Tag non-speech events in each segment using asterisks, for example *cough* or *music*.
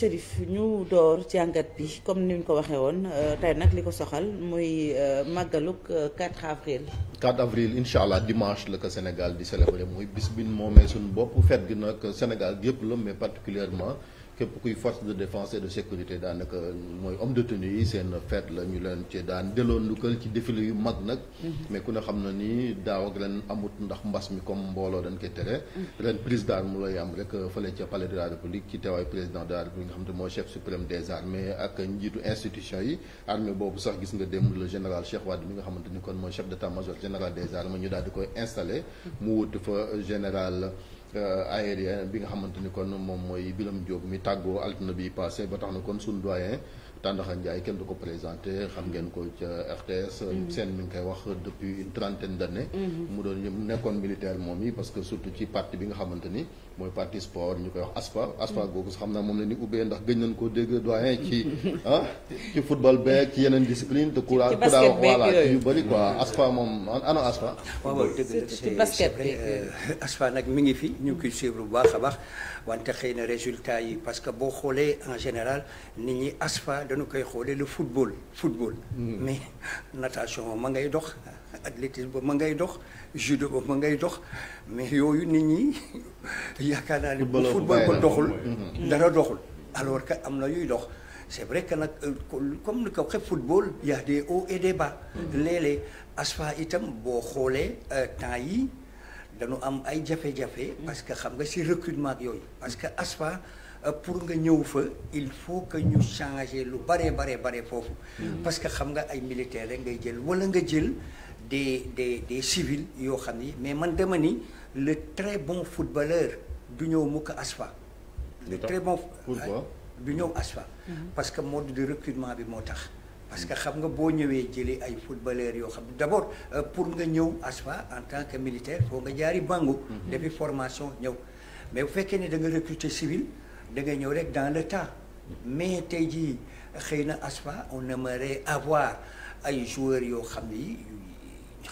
Chérif ñu door jàngat bi comme ni ñu ko waxee woon euh, tey nag li ko soxal muy euh, màggaluk 4 euh, avril. 4 avril incha allah dimanche la ko Sénégal di célébrer mooy bis bi moomee suñu bopp fête gi nag Sénégal yëpp la mais particulièrement képp kuy force de défense et de sécurité daanaka mooy homme de tenue yi seen fête la leen ci daan delloon lu kël ci défilé yu mag nag. Mm-hmm. mais ku ne xam na ni daaw ak ren amut ndax mbas mi comme mbooloo dañ koy tere. Mm-hmm. ren prise d'armes mu lay am rek fële ca palais de la république ci teewaay président de la république nga xam te mooy chef suprême des armées ak njiitu institution yi armée boobu sax gis nga démb le général Cheikh Wade mi nga xamante ni kon mooy chef d'état-major général des armées ñu daal di koy installé. Mm-hmm. mu wut fa général. Euh, aérien bi nga xamante ni kon moom mooy biram Diop mi tàggoo altine bi passé ba tax na kon suñu doyen Tandaxa Ndiaye kenn du ko présenté xam ngeen ko ca RTS. Mm-hmm. seen mi ngi koy wax depuis une trentaine d'années. Mm-hmm. mu doon nekkoon militaire moom yi parce que surtout ci parti bi nga xamante ni. mooy parti sport ñu koy wax aspa aspa googu xam naa moom la ni ubbee ndax gëj nañ koo dégg doyen ci ah ci football beeg ci yeneen discipline te ku daa ku daa wax voilà ci yu bëri quoi aspa moom ana ah, ah aspa waaw ci basket euh, nag mi ngi fi ñu ngi koy suivre bu baax a baax wante xëy na résultat yi parce que boo xoolee en général nit ñi aspa dañu koy xoolee le football football hmm. mais natation ma ngay dox athlétisme ba ma ngay dox judo ba ma ngay dox mais yooyu nit yaakaar naa ni bu football ba doxul dara doxul alors que am na yuy dox c'est vrai que nag euh, comme ni ko waxee football y a o et des ba mm-hmm. léeg-léeg ASFA itam boo xoolee euh, temps yi dañu am ay jafe-jafe mm-hmm. parce que xam nga si recrutement ak yooyu parce que ASFA euh, pour nga ñëw fa il faut que ñu changer lu bare bare bare foofu mm-hmm. parce que xam nga ay militaires rek ngay jël wala nga jël de des des yoo xam ni mais man dama ni le très bon footballeur du ñëw mukk ASFA. le très bon pourquoi du ñëw ASFA. Mhm. parce que mode de recrutement bi moo tax. parce que mhm. xam nga boo ñëwee jëlee ay footballeurs yoo xam d'abord euh, pour nga ñëw ASFA en tant que militaire foo nga jaari bangu mhm. depuis formation ñëw mais bu fekkee ne da nga recruter civil da nga ñëw rek dans le temps mais tey jii xëy na ASFA on aimerait avoir ay joueurs yoo xam ni.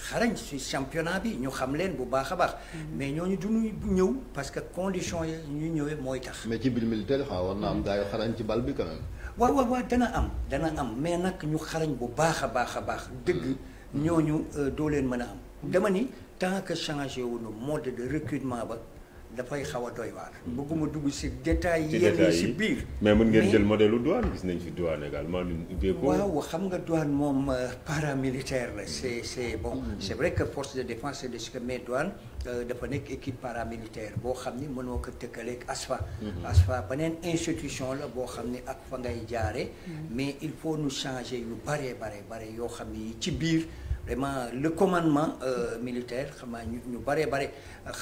xarañ si championnat bi ñu xam leen bu baax a baax. mais ñoo ñu du ñu ñëw parce que conditions yi ñu ñëwee mooy tax. mais ci biir militaire xaw war na am gars yu xarañ ci bal bi quand même. waaw waaw waaw dana am dana am mais nag ñu xarañ bu baax a baax a baax dëgg hmm. ñu euh, doo leen mën a am. dama ni tant que changé wuñu mode de recrutement ba. dafay xaw a doy waar. bëgguma dugg si détails yenn yi si biir. mais mën ngeen jël modèle lu douane gis nañ fi douane également ñu ubbeeku. waaw xam nga douane moom euh, paramilitaire la c' est est bon mm. c' est vrai que force de défense et de sécurité mais douane euh, dafa nekk équipe paramilitaire boo xam ni mënoo ko tëkkaleeg ASFA. Mm-hmm. ASFA beneen institution la boo xam ni ak fa ngay jaare mm. mais il faut nu changer yu bare bare bare yoo xam ni ci biir. vraiment le commandement euh, militaire xam naa ñu ñu bare bare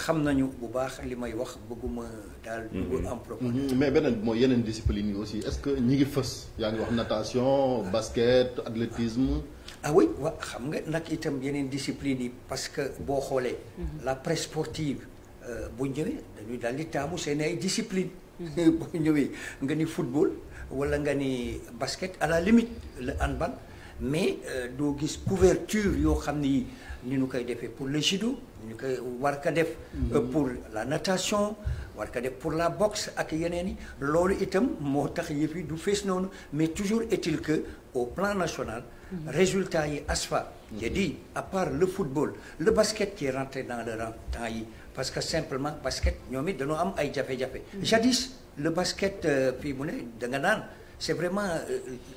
xam nañu bu baax li may wax bëgguma daal. Mm-hmm. dugg en mm-hmm. mais beneen bi mooy yeneen discipline yi aussi est-ce que ñi ngi fës. yaa ngi wax natation basket athlétisme. ah oui waaw xam nga nag itam yeneen discipline yi parce que boo xoolee. Mm-hmm. la presse sportive euh, bu ñëwee dañuy daal di taamu seen ay discipline *laughs* boo ñëwee nga ni football wala nga ni basket à la limite le handball. mais euh, doo gis couverture yoo xam ni ni ñu koy defee pour le judo ñu koy war ko def mm-hmm. euh, pour la natation war ko def pour la boxe ak yeneen yi loolu itam moo tax yëf du fees noonu mais toujours est-il que au plan national mm-hmm. résultat yi ASFA mm-hmm. j'ai dit à le football le basket qui est rentré dans le rang temps yi parce que simplement basket ñoom it dañoo am ay jafe-jafe jadis le basket euh, fii mu ne da nga naan c'est vraiment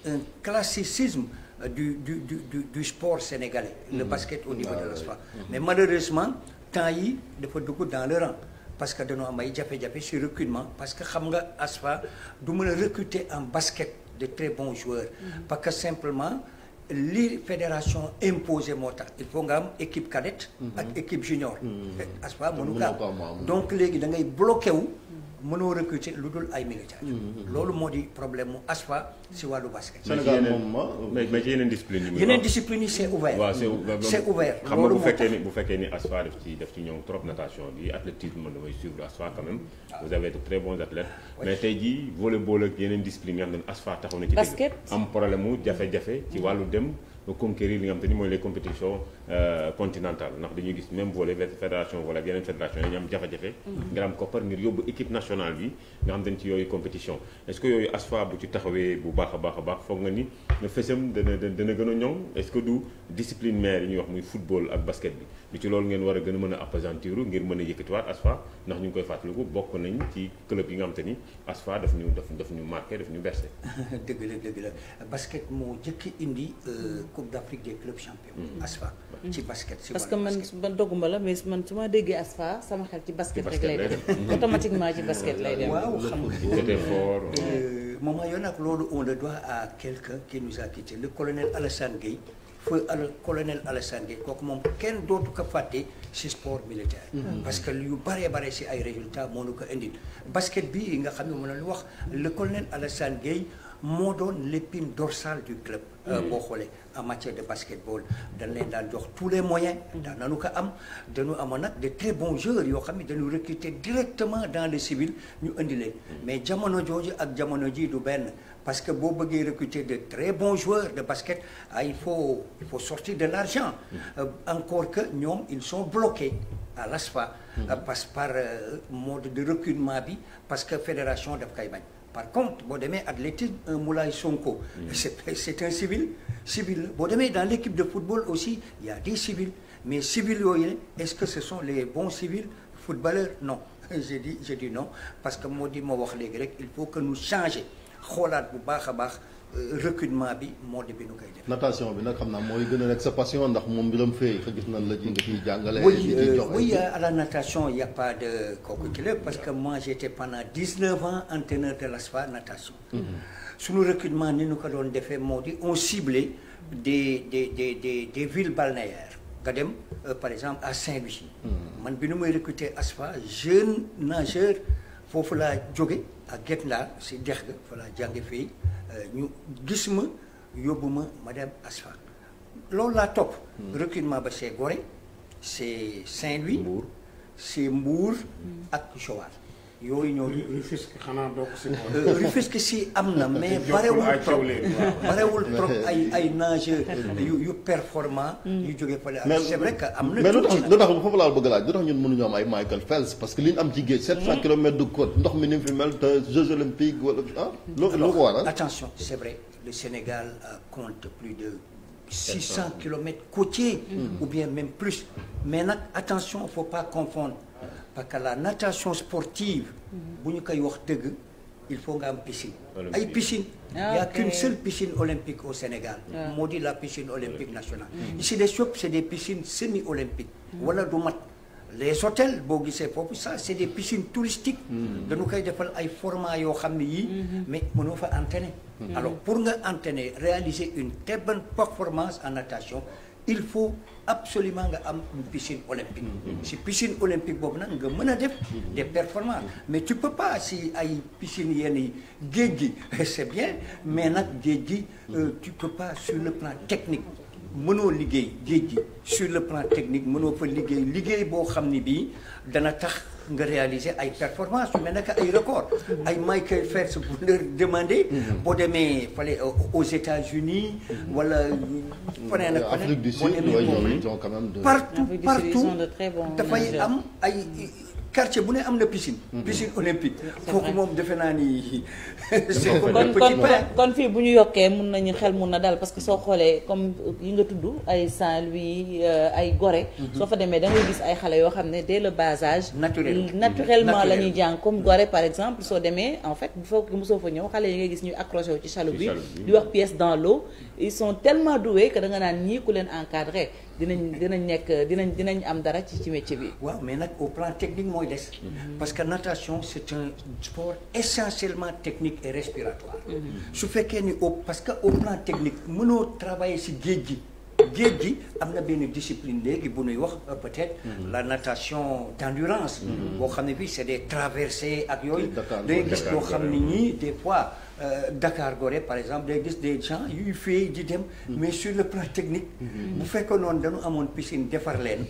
un classicisme du du du du sport sénégalais. le mhm. basket au niveau ah de l'ASFA. Mhm. mais malheureusement temps yi dafa dugg dans le rang. parce que dañoo am ay jafe-jafe sur recrutement parce que xam nga ASFA du mën a recruter en basket de très bons joueurs. Mhm. parce que simplement li fédération imposé moo tax il faut nga am équipe cadette. ak équipe junior. ASFA mënu donc léegi da ngay bloqué wu. mënoo recruter lu dul ay militaires. Mm-hmm, mm-hmm. loolu moo di problème mu ASFA si wàllu basket. Sénégal moom mais mais ci yeneen discipline yi. yeneen discipline yi c' est ouvert. waaw c' est ouvert xam nga bu fekkee ni bu fekkee ni ASFA daf ci daf ci ñëw trop natation bi athlétisme man damay suivre ASFA quand même. Ah. vous avez de très bons athlètes. mais tey jii volleyball ak yeneen discipline yi nga xam ne ci. basket am problème mu jafe-jafe ci wàllu dem. conquérir li nga xam mooy les compétitions euh, continentales ndax dañuy gis même volet fédération volet yeneen fédération yi ñu am jafe-jafe. Mm-hmm. am koppar ngir yóbbu équipe nationale bi nga xam ci yooyu compétition est-ce que yooyu ASFA bu ci taxawee bu baax a baax a baax foog nga ni fësam dana gën a ñoŋ est-ce que du discipline mère yi ñuy wax muy football ak basket bi du ci loolu ngeen war a gën a mën a ngir mën a yëkkatiwaat *laughs* Coupe d'Afrique des clubs champions. Mhm. ASFA ci mhm. basket ci parce que man man dogguma la mais man su ma déggee ASFA sama xel ci basket rek lay dem automatiquement ci basket lay dem. waaw euh, a colonel Alassane Gueye feu colonel Alassane Gueye kooku moom kenn dootu ko fàtte ci sport militaire. Mhm. parce que yu baree bare ci ay résultats moo nu ko indil basket bi nga xam ne mën na lu wax le colonel Alassane Gueye. moo doon l'épine dorsale du club. Euh, mm. boo xoolee en matière de basketball dañ leen daan jox tous les moyens. daan nu ko am dañu amoon nag de très bons joueurs yoo xam ne dañu recruter directement dans le civil ñu indile mm. mais jamono jooju ak jamono ji du benn parce que boo bëggee recruter de très bons joueurs de basket ah il faut il faut sortir de l'argent mm. euh, encore que ñoom ils sont bloqués à l'ASFA. Euh, parce par mode de recrutement bi parce que fédération daf koy bañ. par contre boo demee athlétisme un Moulay Sonko. Mm. c'est c'est un civil civil la boo demee dans l'équipe de football aussi il y a des civils mais civils yooyu est-ce que ce sont les bons civils footballeurs non *laughs* j'ai dit j'ai dit non parce que moo di ma wax léegi rek il faut que nous changer xoolaat bu baax a baax. recrutement bi moo di bi nu koy def. natation bi nag xam naa mooy gën a nekk sa passion ndax moom mbiram fee gis nañ la ci nga ciy jàngale. oui euh, oui la natation y' a pas de kooku ci parce que moi j' pendant dix-neuf ans entraîneur de l'ASFA natation. Mhm. suñu recrutement ni ñu ko doon defee moo di on ciblé des des des des des villes balnéaires nga dem euh, par exemple à Saint-Louis. Mhm. man bi nu may recruter ASFA jeune nageur foofu laa joge ak Guet Ndar si dex ga fa laa jànge fii euh, ñu gis ma yóbbu ma ma dem loolu laa topp hmm. recrutement ba c'est Gorée c'est Saint-Louis c'est Mbour hmm. ak Joal yooyu ñoo. Rufisque xanaa doo ko si moom. Euh, si am na mais. barewul trop barewul *laughs* trop ay ay nageurs. yu yu performant. Mm. yu jógee fële ak c'est vrai que am na. mais lu tax lu tax bëgg laaj lu tax ñun mënuñoo am ay Michael Phelps parce que li ñu am ci géej. 700 mm. kilomètres de côte ndox mi ni mu fi mel te Jeux olympiques ah, attention c'est vrai le Sénégal euh, compte plus de. 600 kilomètres côtiers. Mm. ou bien même plus mais nag attention faut pas confondre. parce que la natation sportive. Mhm. bu ñu koy wax dëgg. il faut nga am piscine. ay piscine ah, il y a piscine olympique au Sénégal. Ah. moo di la piscine olympique nationale. Mhm. ici les shops c'est des piscines semi-olympiques. Mhm. wala du mat. les hôtels boo gisee foofu ça c'est des piscines touristiques. dañu koy defal ay formats yoo xam ne yii. mais noo fa entraîner. alors pour nga entraîner réaliser une très bonne performance en natation. il faut absolument nga am une piscine olympique mm-hmm. si piscine olympique boobu nag nga mën a def des performances mais tu peux pas si ay piscine yenn yi géej gi *laughs* c'est bien mais nag géej gi euh, mm-hmm. tu peux pas sur le plan technique mënoo liggéey géej gi sur le plan technique mënoo fa liggéey liggéey boo xam ni bii dana tax nga réaliser ay performance yu mel ne que ay record ay Michael Phelps bu leur demander mhm. boo demee fale euh, aux États-Unis mhm. wala faneen ak faneen boo demee partout partout dafay am ay quartier bu ne am na piscine. Mhm. piscine olympique. kooku moom defe naa ni. *laughs* kon kon kon fii bu ñu yokkee mun ñu xel mun na daal parce que soo xoolee comme yi nga tudd ay Saint-Louis euh, ay gore mhm. soo fa demee da ngay gis ay xale yoo xam ne dès le bas naturellement la ñuy jàng comme gore par exemple soo demee en fait bu fekk mosoo fa ñëw xale yi ngay gis ñuy accroché wu ci chaloupe bi di wax pièce dans l'eau ils sont tellement doués que da naan ñii ku leen encadré. dinañ dinañ nekk dinañ dinañ am dara ci ci métier bi. waaw mais nag au plan technique mooy des. Mhm. parce que natation c' est un sport essentiellement technique et respiratoire. Mhm. su fekkee ni au parce que au plan technique mënoo travailler si géej gi. géej gi am na benn discipline léegi bu nuy wax euh, peut-être mhm. la natation d'endurance boo xam ne bi c'est des traversées ak yooyu day gis yoo xam ne ñii des fois Euh, dakaar Gorée par exemple day gis des gens yuy fii di dem. mais sur le plan technique. bu fekkoon noonu dañu amoon piscine defar leen.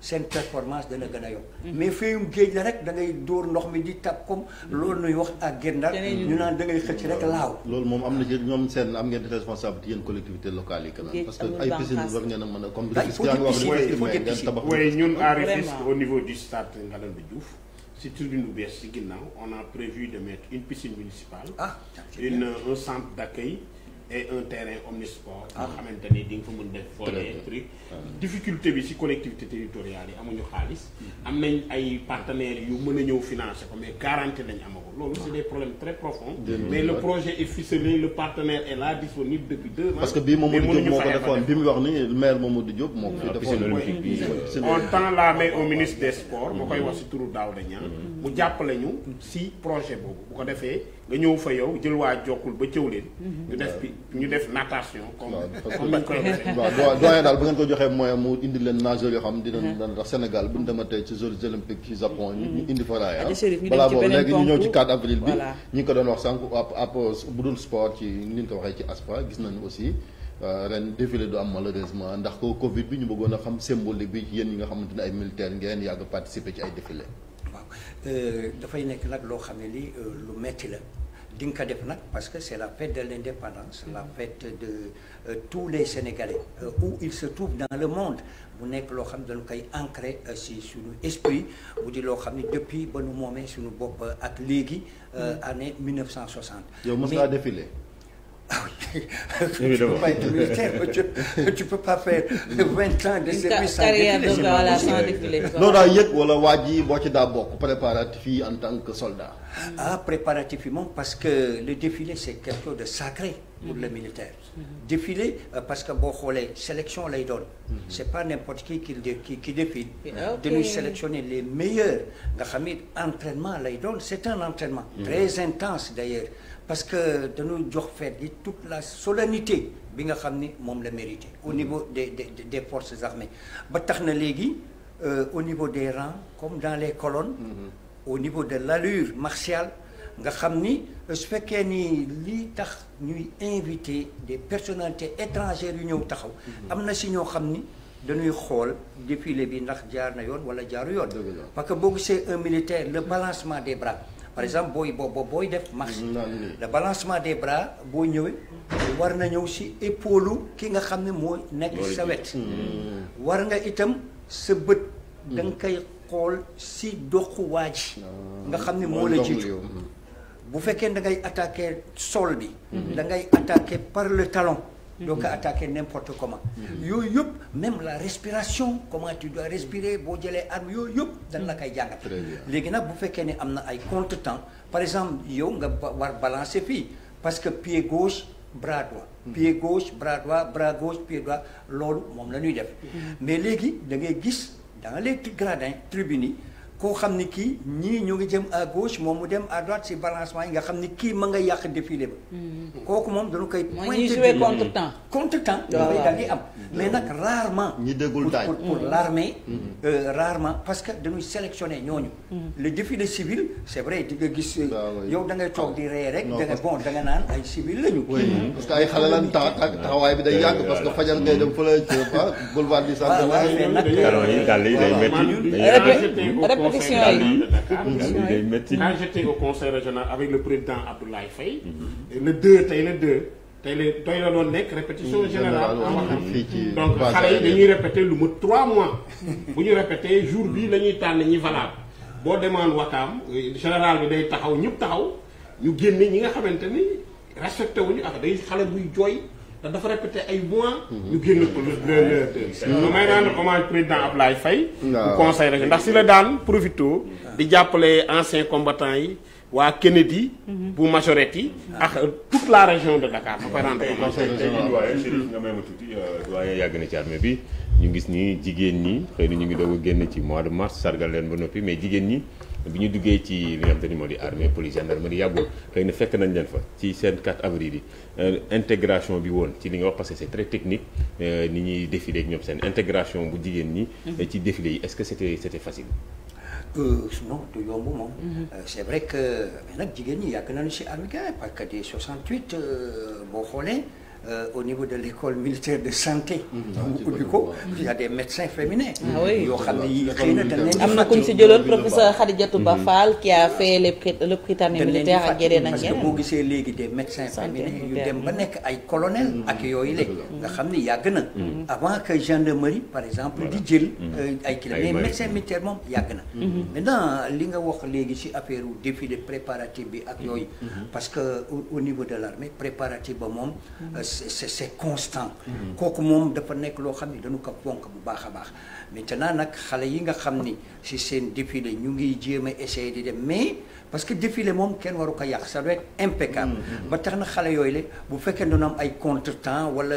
seen performance dana gën a yokk mais feeyum géej la rek da ngay dóor ndox mi di tap comme loolu nuy wax ak gendar ñu naan da xëcc rek laaw loolu moom am na jël ñoom seen am ngeen di responsabilité yéen collectivité locale yi kanam parce que ay piscine war ngeen a mën a comme il faut des niveau du stade Ngalandou Diouf ci tribune bu bees si ginnaaw on a prévu de mettre une piscine municipale. ah une euh, un centre d'accueil et un terrain omnisport ah. nga xamante ni di nga fa mën def foole truc ah. difficulté bi ci collectivité territoriale yi amuñu xaalis mm-hmm. am nañ ay partenaires yu mën a ñëw finance ko mais garanti lañ amako loolu c'est ah. des problèmes très profonds mais le projet est ficelé le partenaire est là disponible depuis deux parce que bii Mamadou Diop moo ko defoon bi mu wax ni maire Mamadou Diop moo ko fi defoon on tend la main au ministre des sports moo koy mm-hmm. wax mm-hmm. ñu ci projet boobu bu ko defee nga ñëw fa yow jël waa jokkul ba cëw leen. Mhm. ñu def bi ñu def natation. comme comme ni *laughs* daal bu ngeen ko joxee moyen mu indi leen nageur yoo xam dinañ mhm. daan tax Sénégal bu ñu dematee ci Jeux ci Japon. ñu mhm. indi fa raaya balaa boobu léegi ñu ñëw ci 4 avril bi. ñu ngi ko doon wax sànq ab ab bu dul sport ci ni ñu ko waxee ci ASPA gis nañu aussi. Euh, ren défilé du am malheureusement ndax ko Covid bi ñu bëggoon a xam symbole bi yéen ñi nga xamante ne ay militaire ngeen yàgg participer ci ay waaw euh, dafay nekk nag loo xam ne li euh, lu metti la di nga ko def nag parce que c'est la fête de l'indépendance la mm-hmm. fête de euh, tous les Sénégalais où ils se trouvent dans le monde bu nekk loo xam ne dañu koy ancré si suñu esprit bu di loo xam ne depuis ba nu moomee suñu bopp ak léegi mm-hmm. année 1960. yow mos ngaa défilé. Ah oui. Évidemment. tu ne peux pas être militaire, ne pas faire 20 ans de service sans *laughs* wala waa ji boo ci daa bokk préparatif yi en tant que soldat. ah préparatif yi moom parce que le défilé c' est quelque chose de sacré. pour le militaire. Mm-hmm. Mm-hmm. défilé euh, parce que boo xoolee sélection lay doon. Mm-hmm. c' est pas n' importe qui qui qui qui euh, sélectionner les meilleurs nga xam ni entraînement lay doon c' est un entraînement. très intense d' parce que dañu jox feet yi toute la solennité bi nga xam ni moom la mérité au mm-hmm. niveau des des des forces armées ba tax na léegi euh, au niveau des rangs comme dans les colonnes mm-hmm. au niveau de l'allure martiale nga xam ni euh, su fekkee ni lii tax ñuy invité des personnalités étrangères yu ñëw taxaw mm-hmm. am na si ñoo xam ni danuy xool défilé bi ndax jaar na yoon wala jaaru yoon parce que boo gisee un militaire le balancement des bras par exemple booy boo booy def marche. Mm, le balancement des bras booy ñëwee. war na ñëw si épaule ki nga xam ne mooy nekk sa wet. Mm. war nga itam sa bët. Mm. da kay xool si doxu waa ji ah, nga xam ne moo la jiitu. bu fekkee da ngay attaqué sol bi. Mm-hmm. da ngay par le talon. doo ko attaquer n'importe comment mm-hmm. yooyu yëpp même la respiration comment tu dois respirer boo jëlee arme yooyu yëpp dañ la koy jàngat léegi nag bu fekkee ne am na ay contretemps par exemple yow nga war balancer fii parce que pied gauche bras droit mm-hmm. pied gauche bras droit bras gauche pied droit loolu moom la ñuy def mm-hmm. mais léegi da ngay gis dans les gradins tribunes yi koo xam ni kii ñii ñu ngi jëm à gauche moom mu dem à droite si balancement yi nga xam ni kii ma nga yàq défilé ba. Mm-hmm. kooku moom dañu koy. mooy ñuy jouer contre temps contre temps. Ah. dafay daal di am mm-hmm. mais nag rarement. ñi dëggul taay pour pour mm-hmm. l'armée euh, rarement parce que dañuy sélectionner ñooñu. le défilé civil c' est vrai di nga euh, ah, da ngay toog di ah. rey rek. da nga bon da nga naan ay civil lañu. parce que ay xale lan tax ak taxawaay bi day yàgg parce que fajal ngay dem fële boulevard conseil yi quand j'étais au conseil régional avec le président Abdoulaye Faye mhm. le deux tey le deux tey la tey la doon nekk répétition mhm. générale en ah, donc xale yi dañuy répété lu ma trois mois *laughs* bu ñu répété jour bii la ñuy tànn ñi valable boo demaan wakaam général bi day taxaw ñëpp taxaw ñu génne ñi nga xamante ni respecté wuñu ak day xale buy jooy te dafa répété ay mois. Mhm. ñu génn ko le le le. may rendre hommage président Ablaye Faye. waaw conseil rek ndax si la daan profito. Mhm. di jàppale anciens combattants yi. waa Kennedy. Mhm. bu majorette yi. ak ah. toute la région de Dakar. ma koy rendre hommage tey tey may ma tuuti euh, doyen yàgg na ci arme bi ñu gis ni jigéen ñi xëy ñu ngi doog a génn ci mois de mars sargal leen ba noppi mais jigéen ñi. bi ñu duggee ci li nga xam te ni moo di armée police gendarmerie yàggul xëy na fekk nañ leen fa ci seen 4 avril yi euh, integration bi woon ci li nga wax parce que c'est technique euh, ni ñuy défilé ak ñoom seen integration bu jigéen ñi. Mm-hmm. Euh, ci défilé yi est-ce que c'était c'était facile. non du yomb moom. Mm-hmm. c'est vrai que nag jigéen ñi yàgg nañu si armée parce que des 68 boo xoolee. Euh, au niveau de l'école militaire de santé. mu ubbi ko il y a des médecins féminins. Ah yoo xam ne yii xëy na dañ leen am na ku ñu si jëloon professeur Khadijatou mhm. a fait le prytanée boo gisee léegi des médecins féminins yu dem ba nekk ay colonel mhm. ak yooyu la nga xam ne yàgg na. Mhm. avant que gendarmerie par exemple di jël. Euh, ay kii mais médecin militaire moom yàgg na. li nga wax léegi si affaire défi de préparatif bi ak yooyu. parce que au niveau de l'armée préparatif ba moom. Euh, c'est c'est constant. kooku moom dafa nekk loo xam ni dañu ko ponk bu baax a baax. maintenant nag xale yi nga xam ni si seen défilé ñu ngi jéem a essayer di dem mais parce que défilé moom kenn waru ko yàq sa doit être impeccable. Mm-hmm. ba tax na xale yooyu la bu fekkee dañu am ay contretemps wala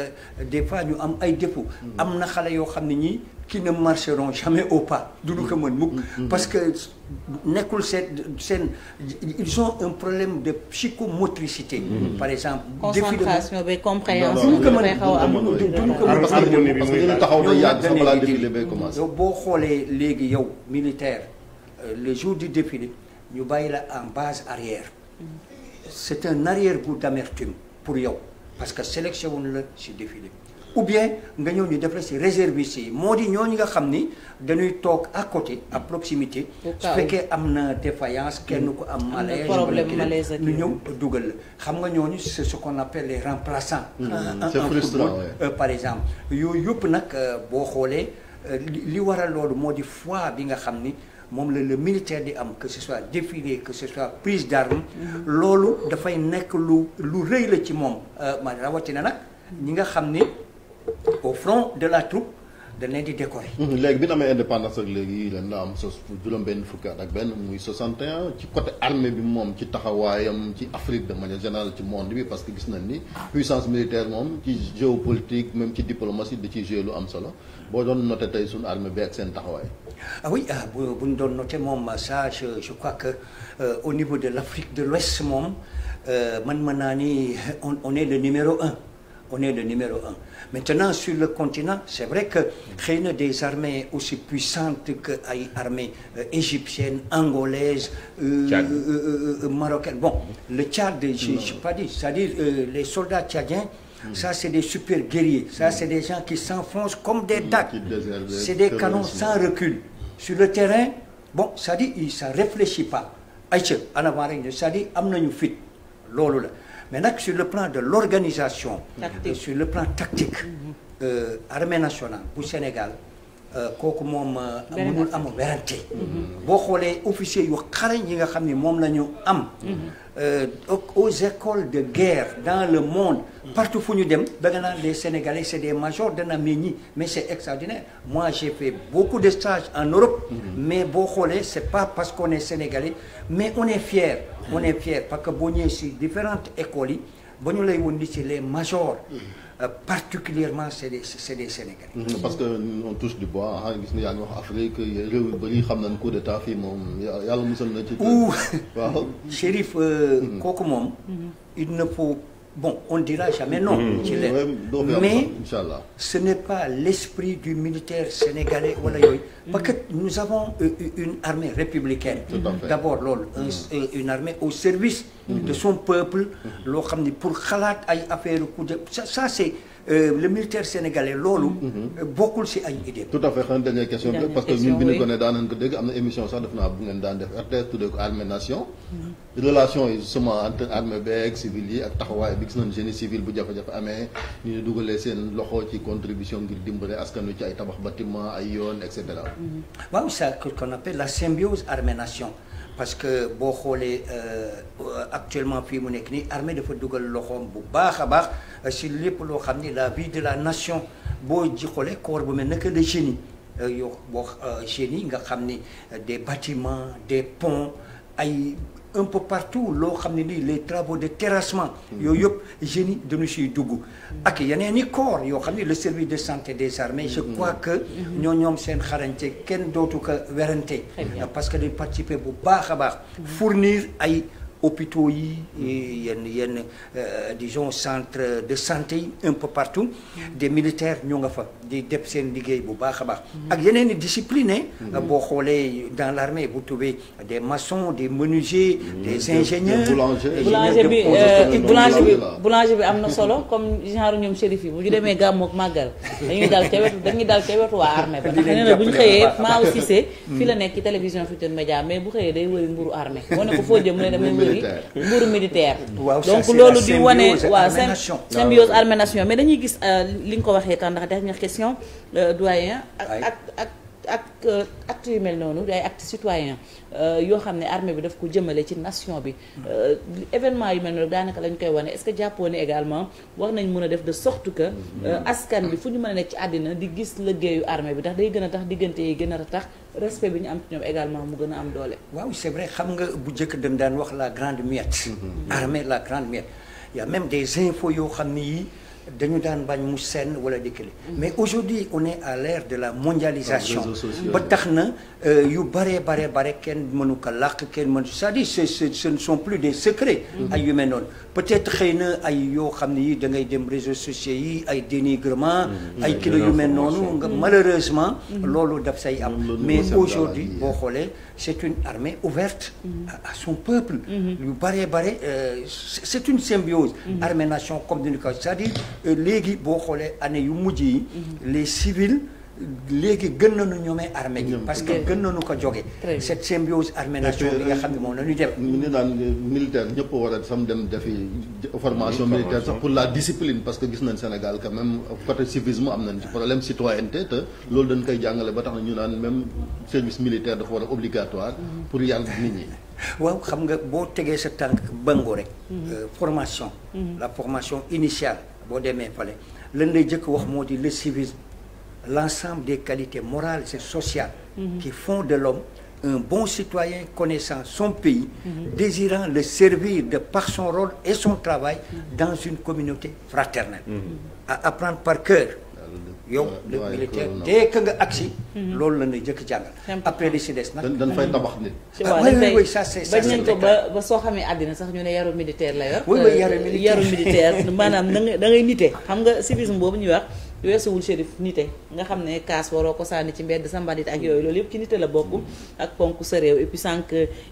des fois ñu am ay défaut. Mm-hmm. am na xale yoo xam ne ñii. qui ne marcheront jamais au pas du ñu ko mën mukk mm, mm, mm. parce que nekkul seen seen ils ont un problème de psychomotricité par exemple concentration bi compréhension duñu ko mën duñu ko mën parce que ñu taxaw day yàgg sax balaa défilé bay commencé yow boo xoolee léegi yow militaire euh, le jour du défilé ñu bàyyi la en base arrière c'est un arrière-goût d'amertume pour yow parce que sélection wuñu la si défilé ou bien nga ñëw ñu def la si réserviste yi moo di ñooñu nga xam ni dañuy toog à côté à mm. proximité. su fekkee am na défaillance kenn mm. ku am. malaise malaise ñu ñëw dugal la. xam nga ñooñu c'est ce qu'on appelle les remplaçants. Mm. Ah, ah, c'est frustrant euh, par exemple yooyu yëpp nag euh, boo xoolee euh, li waral loolu moo di foi bi nga xam ni. moom la le militaire di am que ce soit défilé que ce soit prise d'armes mm-hmm. loolu dafay nekk lu lu rëy la ci moom rawatina nag ñi nga xam ni au front de la troupe dañ leen di décorer. Mhm, léegi bi ñu amee indépendance ak léegi leen la am sos juróom-benn fukki ak benn muy 61 ci côté armée bi moom ci taxawaayam ci Afrique de manière générale ci monde bi parce que gis nañ ni puissance militaire moom ci géopolitique même ci diplomatie da ciy joué lu am solo boo doon noté tey suñu armée bi ak seen taxawaay. ah oui ah, bu bu doon noté moom ça je crois que euh, au niveau de l' Afrique de l'Ouest moom euh, man mën naa ni on est le on est le numéro un. Maintenant, sur le continent, c'est vrai que xëy na des armées aussi puissantes que ay armées euh, égyptiennes, angolaises, euh, euh, euh, euh marocaines. Bon, le Tchad, je n'ai pas dit, c'est-à-dire les soldats tchadiens hmm. ça, c'est des super guerriers. Ça, hmm. c'est des gens qui s'enfoncent comme des hmm. dagues. C'est des canons sans recul. Sur le terrain, bon, ça dit, ça réfléchit pas. ay ca en avant rek ça dit am nañu fit loolu la mais nag sur le plan de l'organisation euh, sur le plan tactique euh, armée nationale bu Sénégal Euh, kooku moom mënul am werante boo xoolee officier yu xarañ yi nga xam ni moom la ñu am mhm. euh, aux écoles de guerre dans le monde partout fu ñu dem da nga naan les sénégalais c'est des majors dana mais ñi mais c'est extraordinaire moi j'ai fait beaucoup de stages en Europe mhm. mais boo xoolee c'est pas parce qu'on est sénégalais mais on est fier mhm. on est fier parce que boo ñëwee si différentes écoles yi ba ñu lay woon li ci les majors. Euh, particulièrement c'est des c'est des Sénégalais. Mm-hmm. parce que on touche du bois ah gis nga yaa ngi wax Afrique réew yu bëri xam nañ coup d'état fii moom yàlla musal na ci. waaw Chérif euh, mm-hmm. kooku moom. Mm-hmm. il ne faut bon on dira jamais non mmh. ci leen mais ce n'est pas l'esprit du militaire sénégalais wala yooyu mmh. parce que nous avons euh, euh, une armée républicaine d'abord loolu mmh. euh, une armée au service de son peuple loo xam ne pour xalaat ay affaire coup de ça c'est Euh, le militaire sénégalais loolu. Mhm. Mhm. Euh, bokkul si ay idée. tout à fait xanaa question bi parce que ñun bi ñu ko ne daan nañ ko dégg am na émission sax def naa bu ngeen daan def RTS tuddee ko armée nation. Mhm. relation yi justement entre armée civil yi ak taxawaay bi gis nañ génie civil bu jafe-jafe amee ñu ne dugalee seen loxo ci contribution ngir dimbale askan wi ci ay tabax bâtiment ay yoon et cetera. waaw c'est ce la symbiose armée parce que boo xoolee euh, actuellement fii mu nekk nii armée dafa dugal loxoom bu baax a baax si euh, lépp loo xam ni la vie de la nation boo ji xoolee corps bu mel naka de génie euh, yoo boo génie nga xam ni des bâtiments des ponts ay un peu partout loo xam ne lii les travaux de terrassement yooyu yëpp génie dañu siy dugg ak yeneen i corps yoo xam ne le service de santé des armées je crois que ñoo ñoom seen xarañte kenn dootu ko werante parce que dañ participer bu baax a baax fournir ay hôpitaux yi yenn yenn euh, disons centre de santé yi un peu partout des militaires ñu nga fa di def seen liggéey bu baax a baax ak yeneen i discipline mm-hmm. euh, boo xoolee dans l'armée bu tubbee des maçons des menuisiers mm-hmm. des ingénieurs euh, boulanger bi boulanger bi boulanger bi am na solo comme genre ñoom chérif yi bu ñu demee gàmmook màggal dañuy dal ca wetu dañuy dal ca wetu waa armée ba nee na bu ñu xëyee Mao Cissé mm. fi la nekk ci télévision Futurs Médias mais bu xëyee day wëri mburu armée boo ne bi nguuru militaire donc loolu di wane waaw symbiose armée nation mais dañuy gis euh, li nga ko waxee temps ndax dernière question euh, doyen ak ak ak ak euh, acte yu mel noonu day acte citoyen euh, yoo xam ne armee bi daf ko jëmale ci nation bi euh, événement yu mel noonu daanaka lañ koy wane est-ce jàppoo ne également war nañ mën a def de sorte que askan bi fu ñu mën a nekk ci àddina di gis liggéeyu armée bi ndax day gën a tax diggante yi gën a tax respect bi ñu am ci ñoom également mu gën a am doole waaw c'est vrai xam nga bu njëkk dañ daan wax la grande miette mm-hmm. armée la grande miette y même des infos yoo xam ne yii dañu daan bañ mu senn wala di kële mais aujourd'hui on est à l'ère de la mondialisation ba tax na euh, yu bare bare bare kenn mënu ko làq kenn mënu c'est-à-dire ce ce ne sont plus des secrets mm-hmm. ay yu mel noonu peut-être xëy na ay yoo xam ne yi da ngay dem réseaux sociaux yi ay dénigrement mm-hmm. ay mm-hmm. kilo yu mel noonu nga malheureusement loolu daf say am mais aujourd'hui boo xoolee c'est une armée ouverte à son peuple yu bare bare euh, c'est une symbiose armée nation communication c'est-à-dire Euh, léegi boo xoolee année yu mujj yi mhm. les civils léegi gën nañu ñoomee armée bi parce que gën nañu ko joge cette symbiose armée nation bi nga xam ne moom la ñu def euh, ñu ne daan euh, militaire ñëpp war a sam dem defi formation militaire sax pour la discipline parce que gis nañ Sénégal quand même côté civisme am nañ ci problème citoyenneté te loolu dañ koy jàngale ba tax na ñu naan même service militaire dafa war a obligatoire mhm. pour yar nit ñi waaw xam nga boo tegee sa tànk bango rek mhm. la formation initiale boo demee fale lan lay jëkk wax moo di le civisme l'ensemble des qualités morales et sociales mhm. qui font de l'homme un bon citoyen connaissant son pays mhm. désirant le servir de par son rôle et son travail mhm. dans une communauté fraternelle à apprendre par cœur yow le militaire dès que nga agsi mhm. loolu la ñuy jëkk jàngal après li si des nag dañ fay mhm. tabax nit ah, oui oui ba soo xamee àddina sax ñu ne yaru militaire la yor euh, yaru militaire maanaam da ngay da xam nga civisme boobu ñuy wax weesuwul shérif nite nga xam ne kaas waroo ko sànni ci mbedd sa mbalit ak yooyu loolu yépp ci nite la bokk ak ponk sa réew et puis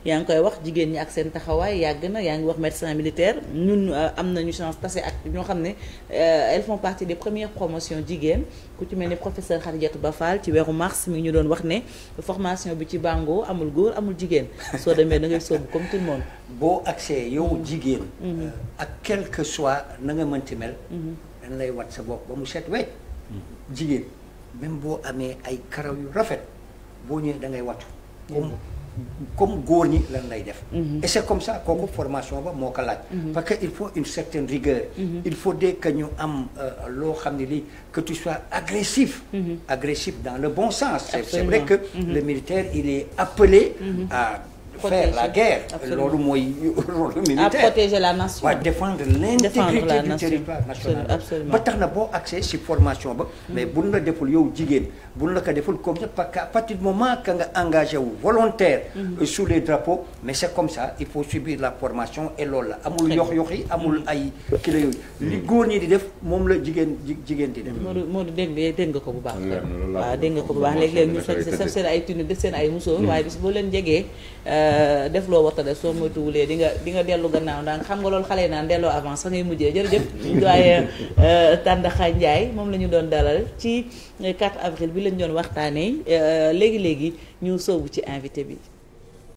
yaa ngi koy wax jigéen ñi ak seen taxawaay yàgg na yaa ngi wax médecin militaire ñun euh, am nañu chance tase ak ñoo xam ne euh, elles font partie des première promotions jigéen ku ci mel ni professeur Khadijatou Ba Fall ci weeru mars mi ñu doon wax ne formation bi ci bàngoo amul góor amul jigéen soo demee da ngay comme tout le monde boo accès jigéen mm-hmm. euh, ak quel que soit na nga mënti mel mm-hmm. dañ lay wat sa bopp ba mu set wecc jigéen même boo amee ay karaw yu rafet boo ñëwee da ngay watu comme comme la ñi lan lay def mhm. et c'est comme ça kooku formation ba moo ko laaj mhm. parce que il faut une certaine rigueur mhm. il faut dès que ñu am euh, loo xam ne lii que tu sois agressif agressif dans le bon sens c'est vrai que le militaire il est appelé faire la guerre. loolu mooy rôle la nation. waaw défendre l'intégrité du territoire national. ba tax na boo accès ci formation ba. mais buñ la deful yow jigéen buñ la ko deful ko ça parce que à partir du moment que nga engagé wu volontaire. Mhm. Euh, su les drapeaux mais c'est comme ça il faut subir la formation et loolu la amul yox yox yi amul ay kilo yooyu. Mhm. li góor ñi di def moom la jigéen jigéen di def. Modou Modou dégg nga ko bu baax. waaw dégg ko bu baax léeg-léeg ñu seen seen ay tunu de seen ay musóor mhm. waaye bis boo leen jegee euh, Euh, def loo warta def soo moytuwulee di nga di nga dellu gannaaw ndànk xam nga lool xale yi naan delloo avance fa ngay mujjee jërëjëf doyen *laughs* euh, Tandakha Ndiaye moom la ñu doon dalal ci 4 avril bi lañ doon waxtaanee euh, léegi léegi ñu soow ci invité bi